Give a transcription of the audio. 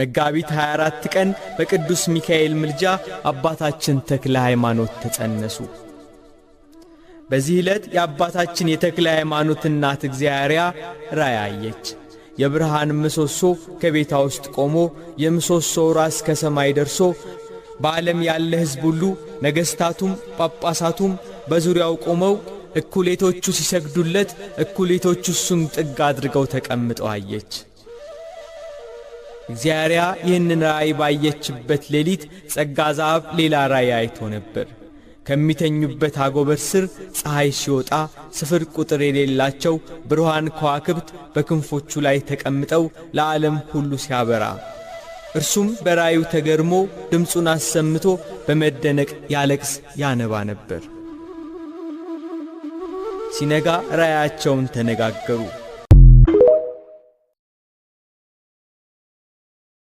መጋቢት 24 ቀን በቅዱስ ሚካኤል ምልጃ አባታችን ተክለ ሃይማኖት ተጸነሱ። በዚህ ዕለት የአባታችን የተክለ ሃይማኖት እናት እግዚአርያ ራያየች። አየች። የብርሃን ምሰሶ ከቤቷ ውስጥ ቆሞ የምሰሶው ራስ ከሰማይ ደርሶ በዓለም ያለ ሕዝብ ሁሉ ነገሥታቱም ጳጳሳቱም በዙሪያው ቆመው እኩሌቶቹ ሲሰግዱለት፣ እኩሌቶቹ እሱን ጥግ አድርገው ተቀምጠው አየች። እግዚአብሔር ይህንን ራእይ ባየችበት ሌሊት ጸጋ ዛብ ሌላ ራእይ አይቶ ነበር። ከሚተኙበት አጎበር ስር ፀሐይ ሲወጣ ስፍር ቁጥር የሌላቸው ብርሃን ከዋክብት በክንፎቹ ላይ ተቀምጠው ለዓለም ሁሉ ሲያበራ እርሱም በራዩ ተገርሞ ድምፁን አሰምቶ በመደነቅ ያለቅስ ያነባ ነበር። ሲነጋ ራያቸውን ተነጋገሩ።